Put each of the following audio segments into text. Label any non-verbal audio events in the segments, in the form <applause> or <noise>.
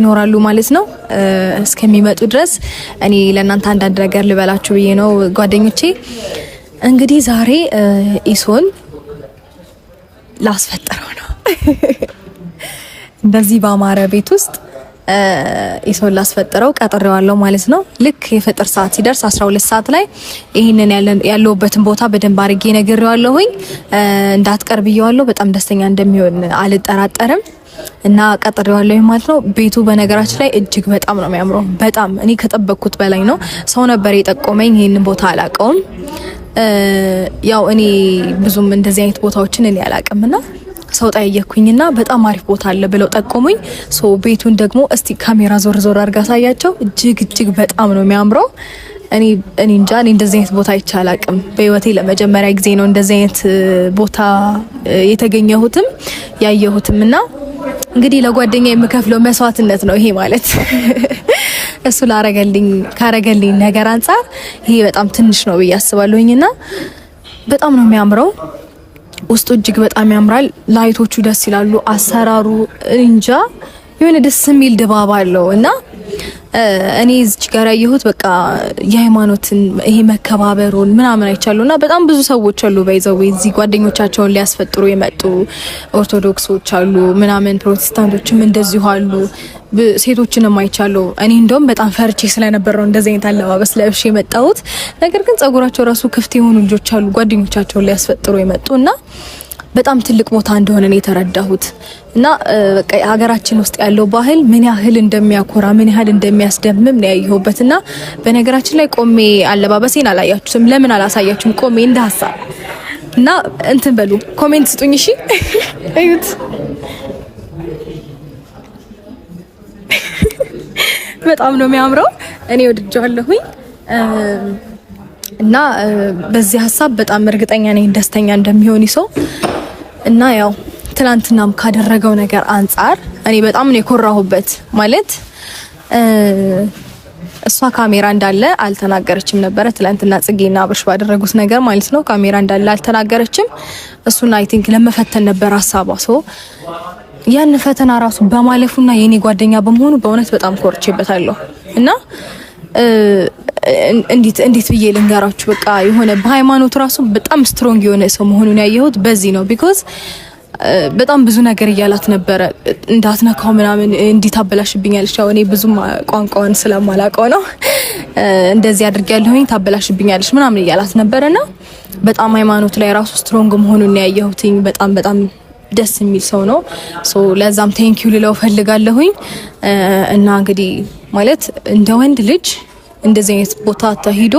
ይኖራሉ ማለት ነው። እስከሚመጡ ድረስ እኔ ለእናንተ አንዳንድ ነገር ልበላችሁ ብዬ ነው ጓደኞቼ። እንግዲህ ዛሬ ኢሶን ላስፈጠረው ነው <laughs> እንደዚህ በአማረ ቤት ውስጥ የሰው ላስፈጠረው ቀጥሬዋለሁ ማለት ነው። ልክ የፈጥር ሰዓት ሲደርስ 12 ሰዓት ላይ ይህንን ያለውበትን ቦታ በደንብ አድርጌ ነግሬዋለሁኝ። እንዳትቀር ብዬዋለሁ። በጣም ደስተኛ እንደሚሆን አልጠራጠርም እና ቀጥሬዋለሁ ማለት ነው። ቤቱ በነገራችን ላይ እጅግ በጣም ነው የሚያምረው። በጣም እኔ ከጠበቅኩት በላይ ነው። ሰው ነበር የጠቆመኝ። ይህንን ቦታ አላውቀውም። ያው እኔ ብዙም እንደዚህ አይነት ቦታዎችን እኔ አላውቅምና ሰው ጠየኩኝና በጣም አሪፍ ቦታ አለ ብለው ጠቆሙኝ። ሶ ቤቱን ደግሞ እስቲ ካሜራ ዞር ዞር አድርጋ ሳያቸው እጅግ እጅግ በጣም ነው የሚያምረው። እኔ እኔ እንጃ እኔ እንደዚህ አይነት ቦታ አይቼ አላቅም። በህይወቴ ለመጀመሪያ ጊዜ ነው እንደዚህ አይነት ቦታ የተገኘሁትም ያየሁትም እና እንግዲህ ለጓደኛ የምከፍለው መስዋዕትነት ነው ይሄ ማለት <laughs> እሱ ላረገልኝ ካረገልኝ ነገር አንጻር ይሄ በጣም ትንሽ ነው ብዬ አስባለሁኝና በጣም ነው የሚያምረው። ውስጡ እጅግ በጣም ያምራል። ላይቶቹ ደስ ይላሉ። አሰራሩ እንጃ የሆነ ደስ የሚል ድባብ አለው እና እኔ እዚች ጋር ያየሁት በቃ የሃይማኖትን ይሄ መከባበሩን ምናምን አይቻሉና በጣም ብዙ ሰዎች አሉ ባይዘው እዚህ ጓደኞቻቸውን ሊያስፈጥሩ የመጡ ኦርቶዶክሶች አሉ ምናምን፣ ፕሮቴስታንቶችም እንደዚሁ አሉ። ሴቶችንም አይቻለሁ። እኔ እንደውም በጣም ፈርቼ ስለነበረው እንደዚህ አይነት አለባበስ ለብሼ የመጣሁት ነገር ግን ጸጉራቸው ራሱ ክፍት የሆኑ ልጆች አሉ ጓደኞቻቸውን ሊያስፈጥሩ የመጡ እና በጣም ትልቅ ቦታ እንደሆነ ነው የተረዳሁት። እና በቃ ሀገራችን ውስጥ ያለው ባህል ምን ያህል እንደሚያኮራ ምን ያህል እንደሚያስደምም ነው ያየሁበት። እና በነገራችን ላይ ቆሜ አለባበሴን አላያችሁትም። ለምን አላሳያችሁም? ቆሜ እንደ ሀሳብ እና እንትን በሉ ኮሜንት ስጡኝ። እሺ <laughs> እዩት። <laughs> በጣም ነው የሚያምረው። እኔ ወድጃለሁኝ። እና በዚህ ሀሳብ በጣም እርግጠኛ ነኝ ደስተኛ እንደሚሆን ሰው እና ያው ትላንትናም ካደረገው ነገር አንጻር እኔ በጣም ነው የኮራሁበት። ማለት እሷ ካሜራ እንዳለ አልተናገረችም ነበረ። ትላንትና ጽጌና አብርሽ ባደረጉት ነገር ማለት ነው ካሜራ እንዳለ አልተናገረችም። እሱን አይ ቲንክ ለመፈተን ነበር ሀሳቧ። ሶ ያን ፈተና ራሱ በማለፉና የኔ ጓደኛ በመሆኑ በእውነት በጣም ኮርቼበታለሁ እና እንዴት እንዴት ብዬ ልንገራችሁ፣ በቃ የሆነ በሃይማኖት ራሱ በጣም ስትሮንግ የሆነ ሰው መሆኑን ያየሁት በዚህ ነው። ቢኮዝ በጣም ብዙ ነገር እያላት ነበረ፣ እንዳትነካው ምናምን እንዴት አበላሽብኛለች። ያው እኔ ብዙም ቋንቋውን ስለማላውቀው ነው እንደዚህ አድርጊያለሁኝ ታበላሽብኛለች ምናምን እያላት ነበረና በጣም ሃይማኖት ላይ ራሱ ስትሮንግ መሆኑን ያየሁትኝ በጣም በጣም ደስ የሚል ሰው ነው። ለዛም ቴንኪዩ ልለው ፈልጋለሁኝ እና እንግዲህ ማለት እንደ ወንድ ልጅ እንደዚህ አይነት ቦታ ተሂዶ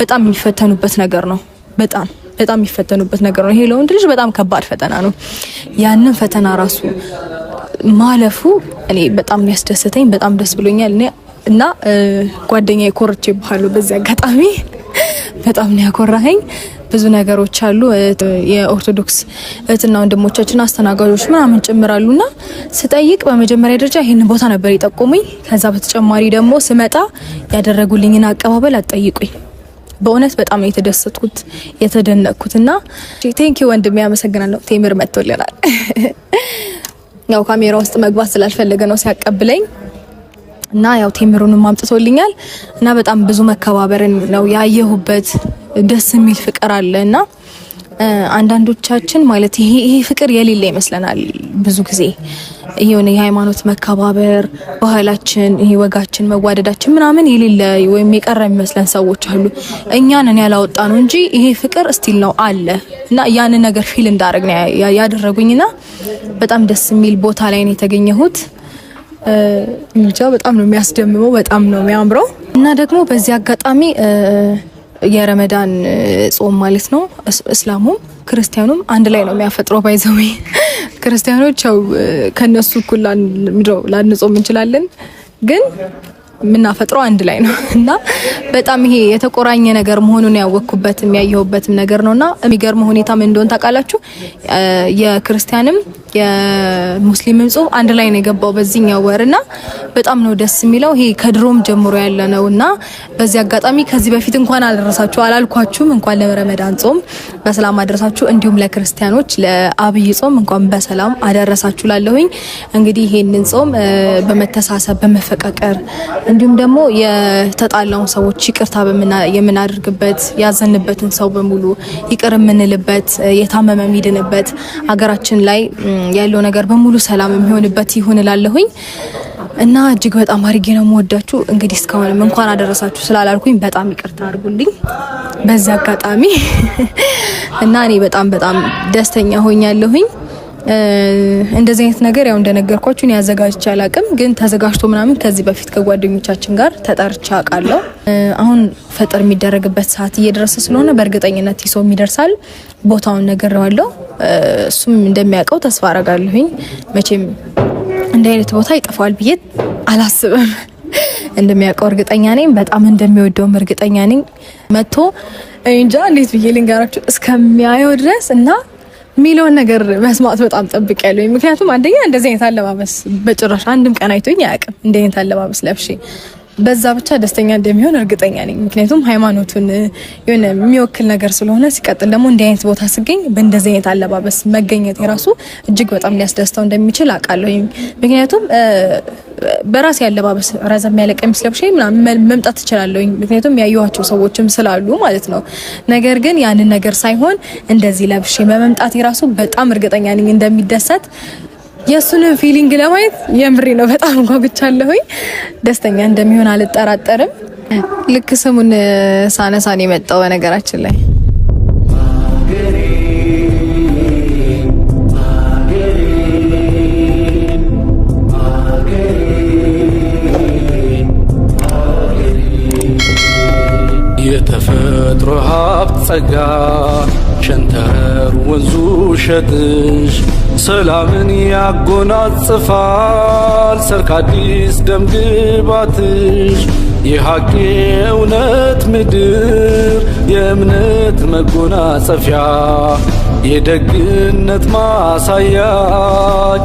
በጣም የሚፈተኑበት ነገር ነው። በጣም በጣም የሚፈተኑበት ነገር ነው። ይሄ ለወንድ ልጅ በጣም ከባድ ፈተና ነው። ያንን ፈተና ራሱ ማለፉ እኔ በጣም የሚያስደስተኝ በጣም ደስ ብሎኛል። እኔ እና ጓደኛ የኮርቼ ባሉ በዚህ አጋጣሚ በጣም ነው ያኮራኸኝ። ብዙ ነገሮች አሉ። የኦርቶዶክስ እህትና ወንድሞቻችን አስተናጋጆች ምናምን ጭምራሉ ና ስጠይቅ በመጀመሪያ ደረጃ ይህን ቦታ ነበር የጠቆሙኝ። ከዛ በተጨማሪ ደግሞ ስመጣ ያደረጉልኝን አቀባበል አጠይቁኝ በእውነት በጣም ነው የተደሰትኩት የተደነቅኩት። ና ቴንኪ ወንድም ያመሰግናለሁ። ቴምር መጥቶልናል። <laughs> ያው ካሜራ ውስጥ መግባት ስላልፈለገ ነው ሲያቀብለኝ እና ያው ቴምሩንም አምጥቶልኛል እና በጣም ብዙ መከባበርን ነው ያየሁበት። ደስ የሚል ፍቅር አለ እና አንዳንዶቻችን ማለት ይሄ ይሄ ፍቅር የሌለ ይመስለናል። ብዙ ጊዜ የሆነ የሃይማኖት መከባበር ባህላችን፣ ይሄ ወጋችን፣ መዋደዳችን ምናምን የሌለ ወይም የቀረ የሚመስለን ሰዎች አሉ። እኛንን ያላወጣ ነው እንጂ ይሄ ፍቅር ስቲል ነው አለ እና ያንን ነገር ፊል እንዳደረግ ነው ያደረጉኝና በጣም ደስ የሚል ቦታ ላይ ነው የተገኘሁት። እንጃ በጣም ነው የሚያስደምመው፣ በጣም ነው የሚያምረው እና ደግሞ በዚህ አጋጣሚ የረመዳን ጾም ማለት ነው እስላሙም ክርስቲያኑም አንድ ላይ ነው የሚያፈጥረው። ባይዘዊ <laughs> ክርስቲያኖች ያው ከነሱ እኩል ላንጾም እንችላለን ግን የምናፈጥረው አንድ ላይ ነው <laughs> እና በጣም ይሄ የተቆራኘ ነገር መሆኑን ያወቅኩበት የሚያየሁበትም ነገር ነው እና የሚገርም ሁኔታ ምን እንደሆነ ታውቃላችሁ? የክርስቲያንም የሙስሊምም ጾም አንድ ላይ ነው የገባው በዚህኛው ወር እና በጣም ነው ደስ የሚለው። ይሄ ከድሮም ጀምሮ ያለ ነው እና በዚህ አጋጣሚ ከዚህ በፊት እንኳን አልደረሳችሁ አላልኳችሁም። እንኳን ለረመዳን ጾም በሰላም አደረሳችሁ፣ እንዲሁም ለክርስቲያኖች ለአብይ ጾም እንኳን በሰላም አደረሳችሁ ላለሁኝ እንግዲህ ይሄንን ጾም በመተሳሰብ በመፈቃቀር እንዲሁም ደግሞ የተጣላውን ሰዎች ይቅርታ የምናደርግበት ያዘንበትን ሰው በሙሉ ይቅር የምንልበት የታመመ የሚድንበት ሀገራችን ላይ ያለው ነገር በሙሉ ሰላም የሚሆንበት ይሁን እላለሁኝ እና እጅግ በጣም አሪጌ ነው የምወዳችሁ። እንግዲህ እስካሁንም እንኳን አደረሳችሁ ስላላልኩኝ በጣም ይቅርታ አድርጉልኝ በዚህ አጋጣሚ <laughs> እና እኔ በጣም በጣም ደስተኛ ሆኛለሁኝ። እንደዚህ አይነት ነገር ያው እንደነገርኳችሁ እኔ አዘጋጅቼ አላቅም፣ ግን ተዘጋጅቶ ምናምን ከዚህ በፊት ከጓደኞቻችን ጋር ተጠርቼ አውቃለሁ። አሁን ፈጠር የሚደረግበት ሰዓት እየደረሰ ስለሆነ በእርግጠኝነት ይሶ ይደርሳል። ቦታውን ነግሬዋለሁ፣ እሱም እንደሚያውቀው ተስፋ አረጋለሁኝ። መቼም እንደ አይነት ቦታ ይጠፋዋል ብዬ አላስብም። <laughs> እንደሚያውቀው እርግጠኛ ነኝ። በጣም እንደሚወደውም እርግጠኛ ነኝ። መጥቶ እንጃ እንዴት ብዬ ልንገራችሁ እስከሚያየው ድረስ እና የሚለውን ነገር መስማት በጣም ጠብቅ ያለኝ። ምክንያቱም አንደኛ እንደዚህ አይነት አለባበስ በጭራሽ አንድም ቀን አይቶኝ አያውቅም። እንደዚህ አይነት አለባበስ ለብሼ በዛ ብቻ ደስተኛ እንደሚሆን እርግጠኛ ነኝ። ምክንያቱም ሃይማኖቱን የሆነ የሚወክል ነገር ስለሆነ፣ ሲቀጥል ደግሞ እንዲህ አይነት ቦታ ስገኝ በእንደዚህ አይነት አለባበስ መገኘት የራሱ እጅግ በጣም ሊያስደስተው እንደሚችል አውቃለሁ። ምክንያቱም በራሴ አለባበስ ረዘም ያለ ቀሚስ ለብሼ ምናምን መምጣት እችላለሁ። ምክንያቱም ያየኋቸው ሰዎችም ስላሉ ማለት ነው። ነገር ግን ያንን ነገር ሳይሆን እንደዚህ ለብሼ በመምጣት የራሱ በጣም እርግጠኛ ነኝ እንደሚደሰት የእሱንም ፊሊንግ ለማየት የምሬ ነው በጣም ጓጉቻለሁኝ። ደስተኛ እንደሚሆን አልጠራጠርም። ልክ ስሙን ሳነሳን የመጣው በነገራችን ላይ የተፈጥሮ ሀብት ጸጋ ሸንተረር ወንዙ ሸጥሽ ሰላምን ያጎናጽፋል ሰርክ አዲስ ደም ግባትሽ የሀቂ እውነት ምድር የእምነት መጎናጸፊያ የደግነት ማሳያ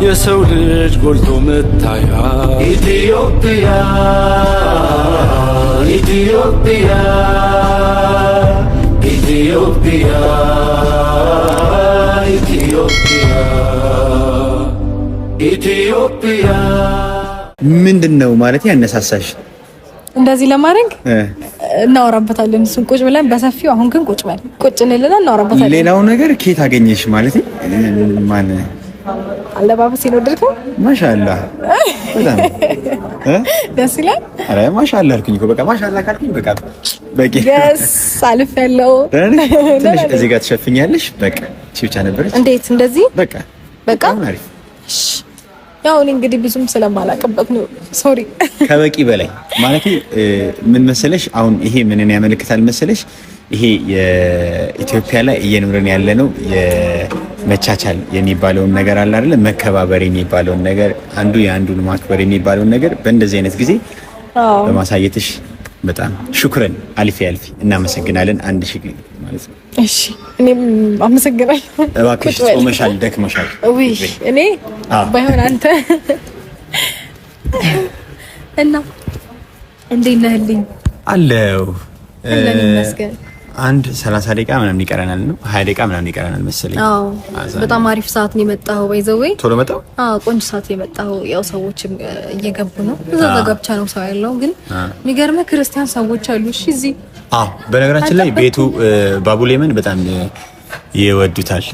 የሰው ልጅ ጎልቶ መታያ ኢትዮጵያ ኢትዮጵያ ኢትዮጵያ ምንድን ነው ማለት ያነሳሳሽ እንደዚህ ለማድረግ እናወራበታለን። እሱን ቁጭ ብለን በሰፊው አሁን ግን ቁጭ በል ቁጭ እንልና እናወራበታለን። ሌላው ነገር ኬት አገኘሽ ማለት ማን አለባበስ የወደድከው? ማሻአላ በጣም ደስ ይላል። አረ ማሻአላ አልኩኝ እኮ በቃ ማሻአላ ካልኩኝ በቃ በቂ ደስ አልፍ ያለው ትንሽ እዚህ ጋር ትሸፍኛለሽ። በቃ ቺብቻ ነበረች። እንዴት እንደዚህ በቃ በቃ አሪፍ ያው እኔ እንግዲህ ብዙም ስለማላቅበት ነው ሶሪ። ከበቂ በላይ ማለት ምን መሰለሽ፣ አሁን ይሄ ምንን ያመለክታል መሰለሽ፣ ይሄ የኢትዮጵያ ላይ እየኖርን ያለ ነው የመቻቻል የሚባለውን ነገር አለ አይደለ? መከባበር የሚባለውን ነገር አንዱ የአንዱን ማክበር የሚባለውን ነገር በእንደዚህ አይነት ጊዜ በማሳየትሽ በጣም ሹክረን አልፌ አልፌ እናመሰግናለን። አንድ ሺህ ማለት ነው። እሺ እኔም አመሰግናለሁ። እባክሽ ጾመሻል፣ ደክመሻል። ውይ እኔ ባይሆን አንተ እና እንዴት ነህልኝ አለው አንድ 30 ደቂቃ ምናምን ይቀረናል ነው 20 ደቂቃ ምናምን ይቀረናል መሰለኝ። አዎ በጣም አሪፍ ሰዓት ነው የመጣው። ባይዘዌ ቶሎ መጣው። አዎ ቆንጆ ሰዓት ነው የመጣው። ያው ሰዎችም እየገቡ ነው። እዛ ዘጋብቻ ነው ሰው ያለው። ግን የሚገርምህ ክርስቲያን ሰዎች አሉ። እሺ እዚህ አዎ። በነገራችን ላይ ቤቱ ባቡሌመን በጣም ይወዱታል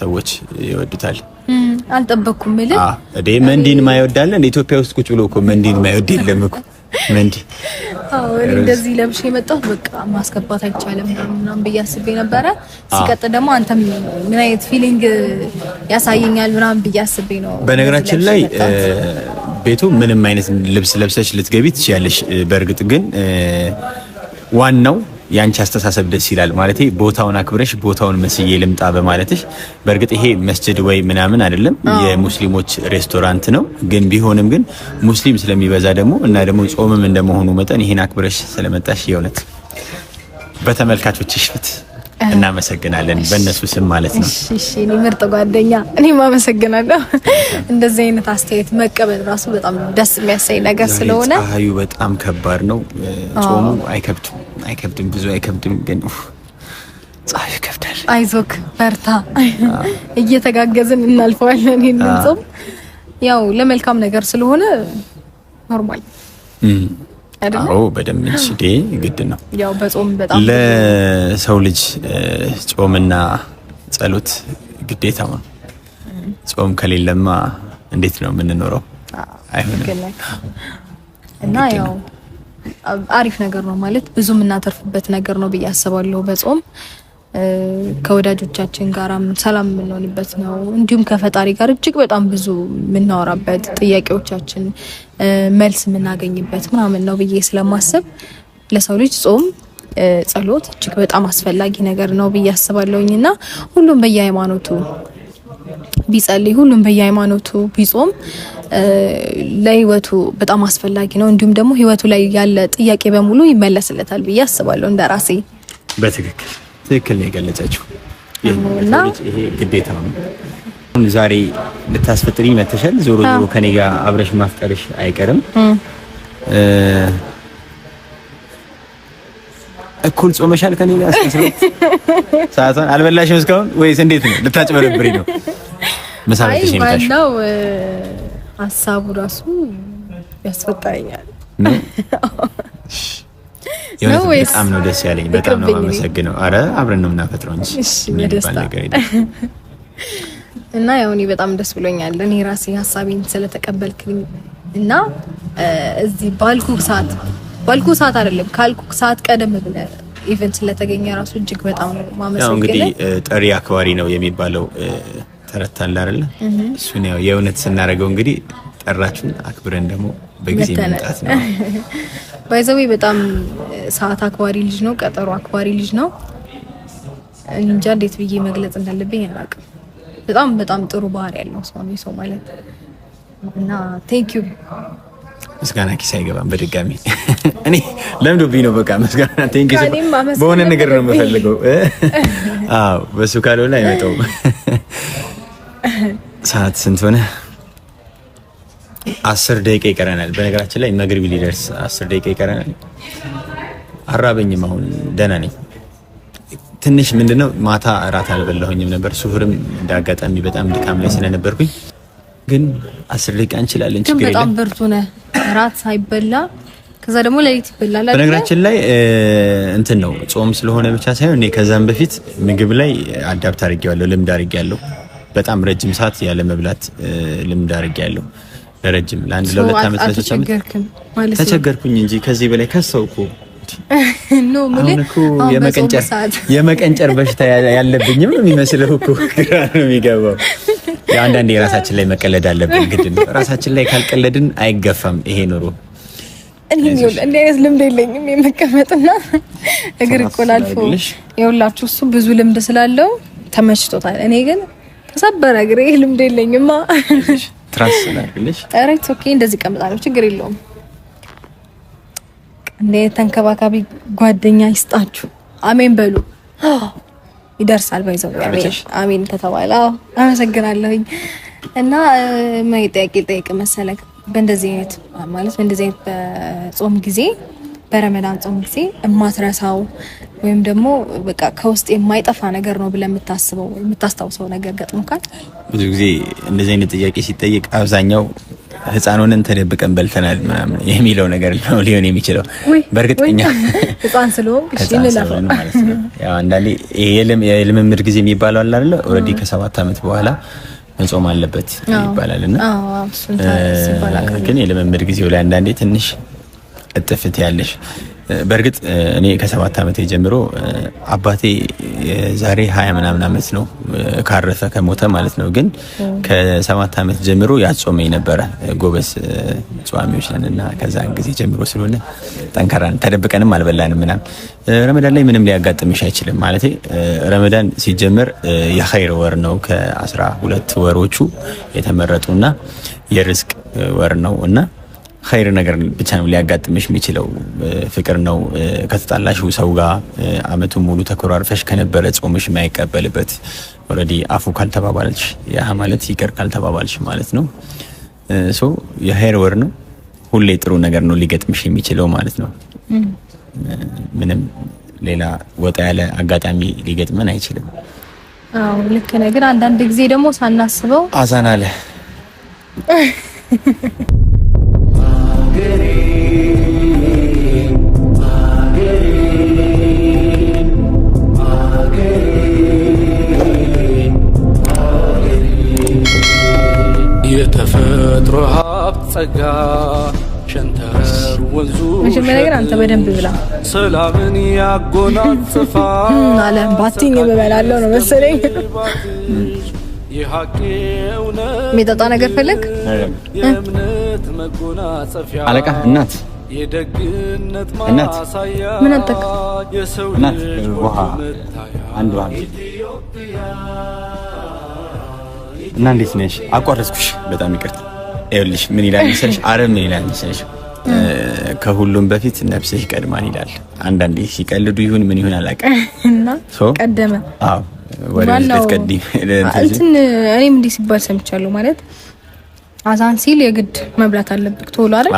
ሰዎች ይወዱታል። አልጠበኩም። ልክ አዎ። መንዲን ማይወዳለ እንደ ኢትዮጵያ ውስጥ ቁጭ ብሎ እኮ መንዲን ማይወድ የለም እኮ መንዲ እኔ እንደዚህ ለብሼ የመጣሁት በቃ ማስገባት አይቻልም ምናምን ብዬ አስቤ ነበረ። ሲቀጥል ደግሞ አንተም ምን አይነት ፊሊንግ ያሳየኛል ምናምን ብዬ አስቤ ነው። በነገራችን ላይ ቤቱ ምንም አይነት ልብስ ለብሰሽ ልትገቢ ትችያለሽ። በእርግጥ ግን ዋናው ያንቺ አስተሳሰብ ደስ ይላል ማለት ቦታውን አክብረሽ ቦታውን መስዬ ልምጣ በማለትሽ። በእርግጥ ይሄ መስጅድ ወይ ምናምን አይደለም የሙስሊሞች ሬስቶራንት ነው። ግን ቢሆንም ግን ሙስሊም ስለሚበዛ ደግሞ እና ደግሞ ጾምም እንደመሆኑ መጠን ይሄን አክብረሽ ስለመጣሽ የእውነት በተመልካቾችሽ ፊት እናመሰግናለን፣ በእነሱ ስም ማለት ነው። እሺ፣ እኔ ምርጥ ጓደኛ፣ እኔም አመሰግናለሁ። <laughs> እንደዚህ አይነት አስተያየት መቀበል ራሱ በጣም ደስ የሚያሳይ ነገር ስለሆነ ፀሐዩ በጣም ከባድ ነው። ጾሙ አይከብድም፣ አይከብድም፣ ብዙ አይከብድም፣ ግን ፀሐዩ ይከብዳል። አይዞክ፣ በርታ፣ <laughs> እየተጋገዝን እናልፈዋለን። ይህንን ጾም ያው ለመልካም ነገር ስለሆነ ኖርማል አዎ በደንብ እንችዴ ግድ ነው። ያው በጾም በጣም ለሰው ልጅ ጾምና ጸሎት ግዴታ ነው። ጾም ከሌለማ እንዴት ነው የምንኖረው? አይሆንም። እና ያው አሪፍ ነገር ነው ማለት ብዙ የምናተርፍበት ነገር ነው ብዬ አስባለሁ በጾም ከወዳጆቻችን ጋራም ሰላም የምንሆንበት ነው። እንዲሁም ከፈጣሪ ጋር እጅግ በጣም ብዙ የምናወራበት ጥያቄዎቻችን መልስ የምናገኝበት ምናምን ነው ብዬ ስለማስብ ለሰው ልጅ ጾም፣ ጸሎት እጅግ በጣም አስፈላጊ ነገር ነው ብዬ አስባለሁኝ እና ሁሉም በየሃይማኖቱ ቢጸልይ ሁሉም በየሃይማኖቱ ቢጾም ለህይወቱ በጣም አስፈላጊ ነው። እንዲሁም ደግሞ ህይወቱ ላይ ያለ ጥያቄ በሙሉ ይመለስለታል ብዬ አስባለሁ እንደ ራሴ በትክክል ትክክል ነው የገለጸችው። ይሄ ግዴታ ነው። ዛሬ ልታስፈጥሪኝ መተሻል። ዞሮ ዞሮ ከኔ ጋር አብረሽ ማፍጠርሽ አይቀርም። እኩል ጾመሻል ከኔ ጋር ሰዓቷን አልበላሽም እስካሁን ወይስ እንዴት ነው? ልታጭበረብሪ ነው? መሳበትሽ ነው ሀሳቡ ራሱ ያስፈጣኛል። ነው በጣም ነው ደስ ያለኝ። በጣም ነው የማመሰግነው። አረ አብረን ነው የምናፈጥረው እንጂ <laughs> እና ያው እኔ በጣም ደስ ብሎኛል። እኔ ራሴ ሀሳቤን ስለተቀበልክልኝ እና እዚህ ባልኩ ሰዓት ባልኩ ሰዓት አይደለም ካልኩ ሰዓት ቀደም ብለህ ኢቨንት ስለተገኘ ራሱ እጅግ በጣም ነው ያው እንግዲህ ጠሪ አክባሪ ነው የሚባለው ተረት አይደለ? እሱን ያው የእውነት ስናደርገው እንግዲህ ጠራችሁን አክብረን ደግሞ በጊዜ መምጣት ነው። <laughs> ባይዘዌ በጣም ሰዓት አክባሪ ልጅ ነው። ቀጠሮ አክባሪ ልጅ ነው። እንጃ እንዴት ብዬ መግለጽ እንዳለብኝ አላውቅም። በጣም በጣም ጥሩ ባህሪ ያለው ሰው ነው ሰው ማለት እና ቴንክ ዩ ምስጋና ኪስ አይገባም። በድጋሚ እኔ ለምዶብኝ ነው በቃ ምስጋና ቴንክ ዩ በሆነ ነገር ነው የምፈልገው። አዎ በሱ ካልሆነ አይመጣውም። <laughs> ሰዓት ስንት ሆነ? አስር ደቂቃ ይቀረናል። በነገራችን ላይ መግሪብ ሊደርስ አስር ደቂቃ ይቀረናል። አራበኝም፣ አሁን ደህና ነኝ። ትንሽ ምንድነው ማታ እራት አልበላሁኝም ነበር። ሱሁርም እንዳጋጣሚ በጣም ድካም ላይ ስለነበርኩኝ ግን አስር ደቂቃ እንችላለን። ችግር በጣም ብርቱ ነህ። እራት ሳይበላ ከዛ ደግሞ ሌሊት ይበላል። በነገራችን ላይ እንትን ነው ጾም ስለሆነ ብቻ ሳይሆን እኔ ከዛም በፊት ምግብ ላይ አዳብት አድርጌዋለሁ፣ ልምድ አድርጌያለሁ። በጣም ረጅም ሰዓት ያለ መብላት ልምድ አድርጌያለሁ። ለረጅም ለአንድ ለሁለት ዓመት ለሶስት ተቸገርኩኝ እንጂ ከዚህ በላይ ከሰውኩ የመቀንጨር በሽታ ያለብኝም ነው የሚመስለው እኮ ግራ ነው የሚገባው። አንዳንዴ የራሳችን ላይ መቀለድ አለብን፣ ግድ ነው። ራሳችን ላይ ካልቀለድን አይገፋም ይሄ ኑሮ። እንዲህ አይነት ልምድ የለኝም የመቀመጥና እግር እቆላልፎ የሁላችሁ እሱ ብዙ ልምድ ስላለው ተመችቶታል። እኔ ግን ተሰበረ እግሬ ልምድ የለኝማ። ትራንስ ራይት ኦኬ። እንደዚህ ቀምጣለሁ፣ ችግር የለውም። እንደ ተንከባካቢ ጓደኛ ይስጣችሁ። አሜን በሉ። <gasps> ይደርሳል ባይዘው አሜን ተተባለ። አመሰግናለሁኝ። እና ጥያቄ ጠይቅ መሰለክ በእንደዚህ አይነት ማለት በእንደዚህ አይነት በጾም ጊዜ በረመዳን ጾም ጊዜ የማትረሳው ወይም ደግሞ በቃ ከውስጥ የማይጠፋ ነገር ነው ብለህ የምታስበው የምታስታውሰው ነገር ገጥሞካል? ብዙ ጊዜ እንደዚህ አይነት ጥያቄ ሲጠይቅ አብዛኛው ህፃኑንን ተደብቀን በልተናል ምናምን የሚለው ነገር ነው ሊሆን የሚችለው። በእርግጠኛ ህፃን ስለሆንክ አንዳንዴ የልምምድ ጊዜ የሚባለው አለ አይደለ? ኦልሬዲ ከሰባት ዓመት በኋላ መጾም አለበት ይባላል እና ግን የልምምድ ጊዜው ላይ አንዳንዴ ትንሽ እጥፍት ያለሽ። በእርግጥ እኔ ከሰባት ዓመቴ ጀምሮ አባቴ ዛሬ ሀያ ምናምን ዓመት ነው ካረፈ ከሞተ ማለት ነው። ግን ከሰባት ዓመት ጀምሮ ያጾመኝ ነበረ። ጎበስ ጽዋሚዎች ነን እና ከዛን ጊዜ ጀምሮ ስለሆነ ጠንካራ ተደብቀንም አልበላንም ምናምን። ረመዳን ላይ ምንም ሊያጋጥምሽ አይችልም ማለት ረመዳን ሲጀምር የኸይር ወር ነው። ከአስራ ሁለት ወሮቹ የተመረጡና የርዝቅ ወር ነው እና ኸይር ነገር ብቻ ነው ሊያጋጥምሽ የሚችለው። ፍቅር ነው ከተጣላሽው ሰው ጋር አመቱን ሙሉ ተኮራርፈሽ ከነበረ ጾምሽ የማይቀበልበት ኦልሬዲ አፉ ካልተባባለች ያህ ማለት ይቅር ካልተባባልሽ ማለት ነው። ሶ የኸይር ወር ነው። ሁሌ ጥሩ ነገር ነው ሊገጥምሽ የሚችለው ማለት ነው። ምንም ሌላ ወጣ ያለ አጋጣሚ ሊገጥመን አይችልም። አዎ ልክ ነህ። ግን አንዳንድ ጊዜ ደግሞ ሳናስበው አዛናለ <laughs> የተፈጥሮ ሀብት ጸጋ ሸንተረር ወንዙ መጀመሪያ ግን አንተ በደንብ ብላ ሰላምን ያጎናጽፋ አለ ባቲኝ ብበላለው ነው መሰለኝ። የሚጠጣ ነገር ፈለግ የእምነት አለቃ እናት የደግነት ማሳያ ምን አጠቅ እናት ውሃ አንድ ባል እና እንዴት ነሽ? አቋረጥኩሽ። በጣም ይቅርታ ይኸውልሽ ምን ይላል መሰለሽ? አረብ ምን ይላል መሰለሽ? ከሁሉም በፊት ነፍስህ ይቀድማል ይላል። አንዳንዴ ሲቀልዱ ይሁን ምን ይሁን አላውቅም። እና ቀደመ። አዎ ወደ ልትቀድም እንትን እኔም እንዲህ ሲባል ሰምቻለሁ። ማለት አዛን ሲል የግድ መብላት አለብህ ቶሎ አይደል?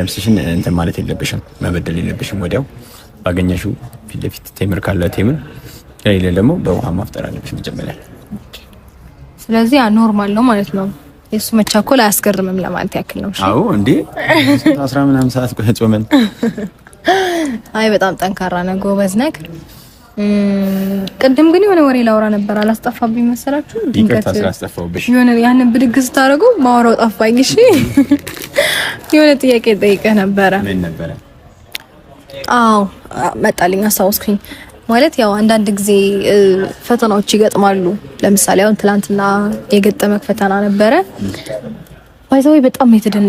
ነፍስሽን እንትን ማለት የለብሽም፣ መበደል የለብሽም። ወዲያው ባገኘሽው ፊት ለፊት ቴምር ካለ ቴምር፣ ከሌለ ደግሞ በውሃ ማፍጠር አለብሽ መጀመሪያ። ስለዚህ ኖርማል ነው ማለት ነው። የእሱ መቻኮል አያስገርምም ለማለት ያክል ነው። አዎ እንዴ አስራ ምናምን ሰዓት ቆይ ጾመን። አይ በጣም ጠንካራ ነህ፣ ጎበዝ ነህ። ቅድም ግን የሆነ ወሬ ላውራ ነበር አላስጠፋብኝ መሰላችሁ? ይቅርታ ስላስጠፋሁብሽ። የሆነ ያንን ብድግ ስታደርጉ ማወራው ጠፋኝ። እሺ የሆነ ጥያቄ ጠይቀህ ነበረ። ምን ነበረ? አዎ መጣልኝ፣ አስታወስኩኝ። ማለት ያው አንዳንድ ጊዜ ፈተናዎች ይገጥማሉ። ለምሳሌ አሁን ትላንትና የገጠመ ፈተና ነበረ። ባይዘዌ በጣም የተደነ